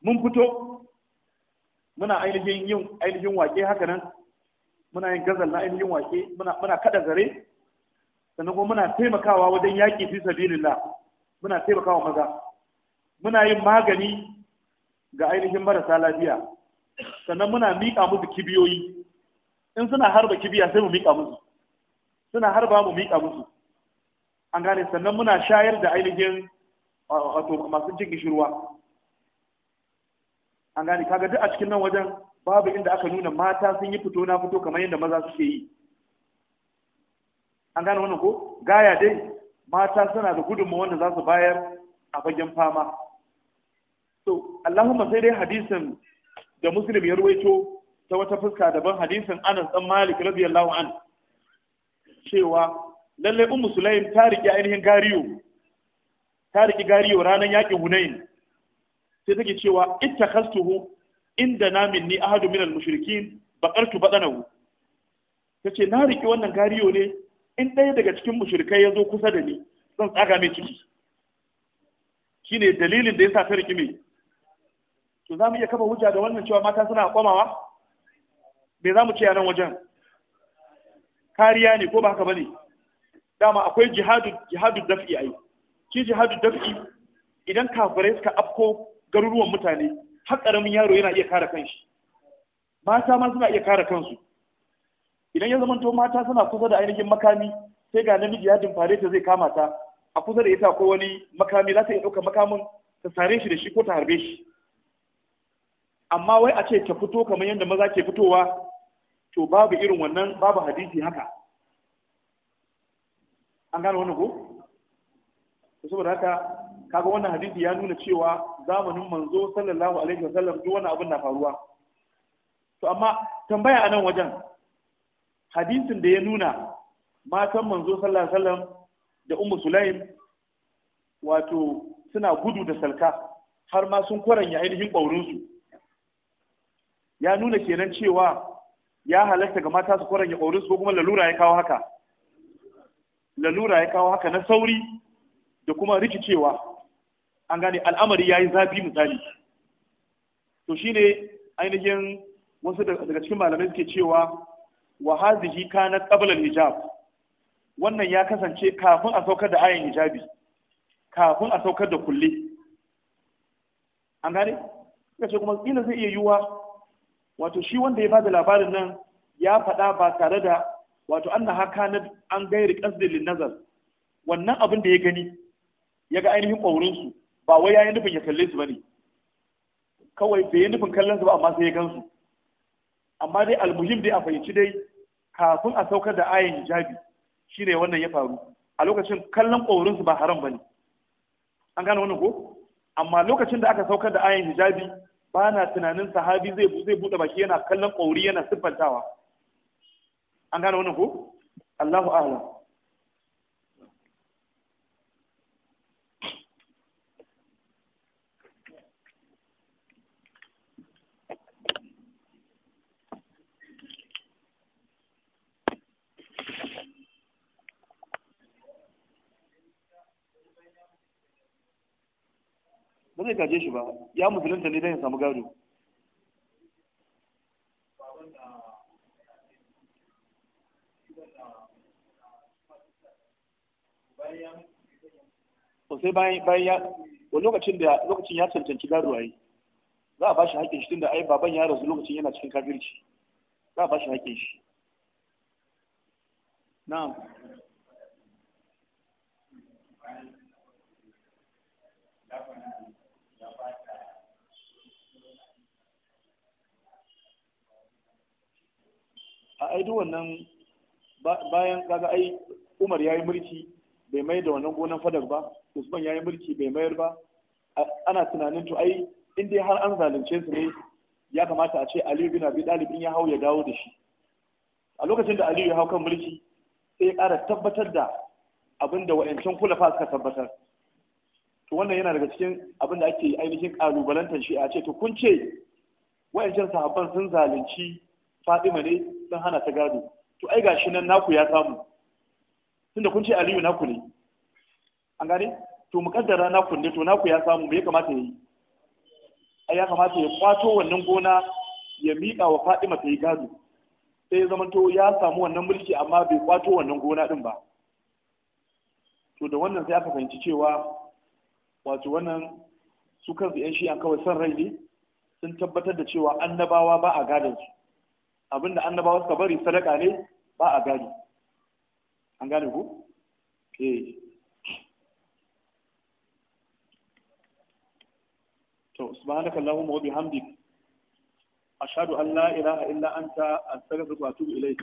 mun fito muna ainihin yin ainihin wake haka nan muna yin gazal na ainihin wake muna muna kada zare sannan kuma muna taimakawa wajen yaƙi fi sabilillah muna taimakawa maza muna yin magani ga ainihin marasa lafiya sannan muna miƙa musu kibiyoyi in suna harba kibiya sai mu miƙa musu suna harba mu miƙa musu an gane sannan muna shayar da ainihin wato masu cin gishirwa an gane kaga duk a cikin nan wajen babu inda aka nuna mata sun yi fito na fito kamar yadda maza suke yi an gane wannan ko gaya dai mata suna da gudunmu wanda za su bayar a fagen fama so allahumma sai dai hadisin da muslim ya ruwaito ta wata fuska daban hadisin anas dan malik radiyallahu an cewa lallai ummu sulaim ta riƙe ainihin gariyo ta riki gariyo ranar yakin hunain sai take cewa ittakhastuhu inda na minni ahadu min al-mushrikin baqartu badanahu tace na riki wannan gariyo ne in ɗaya daga cikin mushrikai ya zo kusa da ni zan tsaga mai ciki ne dalilin da ya ta riki mai to za mu iya kafa hujja da wannan cewa mata suna komawa me za mu ce a nan wajen kariya ne ko ba haka bane dama akwai jihadu jihadu dafi ai shi jihadu dafi idan kafirai suka afko garuruwan mutane har karamin yaro yana iya kare kanshi mata ma suna iya kare kansu idan ya zama mata suna kusa da ainihin makami sai ga namiji ya jimfare ta zai kama ta a kusa da ita ko wani makami za ta iya ɗauka makamin ta sare shi da shi ko ta harbe shi amma wai a ce ta fito kamar yadda maza ke fitowa to babu irin wannan babu hadisi haka an gane wannan ko saboda haka kaga wannan hadisi ya nuna cewa zamanin manzo sallallahu alaihi wasallam duk wani abin na faruwa to amma tambaya a nan wajen hadisin da ya nuna matan manzo sallallahu alaihi wasallam da ummu sulaim wato suna gudu da salka har ma sun kwaranya ainihin su ya nuna kenan cewa ya halatta ga mata su kwaranya su ko kuma lalura ya kawo haka lalura ya kawo haka na sauri da kuma rikicewa an gane al'amari ya yi zafi misali to shine ainihin wasu daga cikin malamai suke cewa wa hadhihi kanat qabla al-hijab wannan ya kasance kafin a saukar da ayin hijabi kafin a saukar da kulle an gane kace kuma ina zai iya yiwuwa? wato shi wanda ya bada labarin nan ya faɗa ba tare da wato anna haka na an gairi qasdil nazar wannan abin da ya gani ya ga ainihin ƙwaurin ba wai yayin nufin ya kalle su bane kawai bai nufin kallon su ba amma sai ya gansu amma dai almuhim dai a fahimci dai kafin a saukar da ayin hijabi ne wannan ya faru a lokacin kallon ƙorinsu ba haram ba ne an gane wannan ko amma lokacin da aka saukar da ayin hijabi ba na tunanin sahabi zai zai buɗe baki yana kallon ƙori yana siffantawa an gane wannan ko Allahu a'lam ba zai gaje shi ba ya musulunta ne don ya samu gado sai bayan ya wa lokacin da lokacin ya cancanci gado yayi za a bashi haƙƙin shi tunda ai baban ya rasu lokacin yana cikin kafirci za a bashi haƙƙin shi na'am a aidu wannan bayan kaga ai umar ya yi mulki bai mai da wannan gonan fadar ba usman ya yi mulki bai mayar ba ana tunanin to ai in dai har an zalunce su ne ya kamata a ce aliyu bin abi talib ya hau ya dawo da shi a lokacin da aliyu ya hau kan mulki sai ya ƙara tabbatar da abin da wa'ancan kulafa suka tabbatar to wannan yana daga cikin abin da ake ainihin ƙalubalantar shi a ce to kun ce wa'ancan sahabban sun zalunci Fadima ne sun hana ta gado to ai gashi nan naku ya samu tunda kun ce Aliyu naku ne an gane to mukaddara naku ne to naku ya samu me ya kamata yi ai ya kamata ya kwato wannan gona ya miƙa wa Fadima ta yi gado sai zama to ya samu wannan mulki amma bai kwato wannan gona din ba to da wannan sai aka fahimci cewa wato wannan su kansu 'yan shi'an kawai son rai ne sun tabbatar da cewa annabawa ba a gadon su Abin da annabawa suka bari sadaka ne ba a gani, an gane ku eh to subhanaka allahumma wa bihamdik ashhadu an la ilaha illa anta astaghfiruka wa atubu ilayk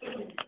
Thank you.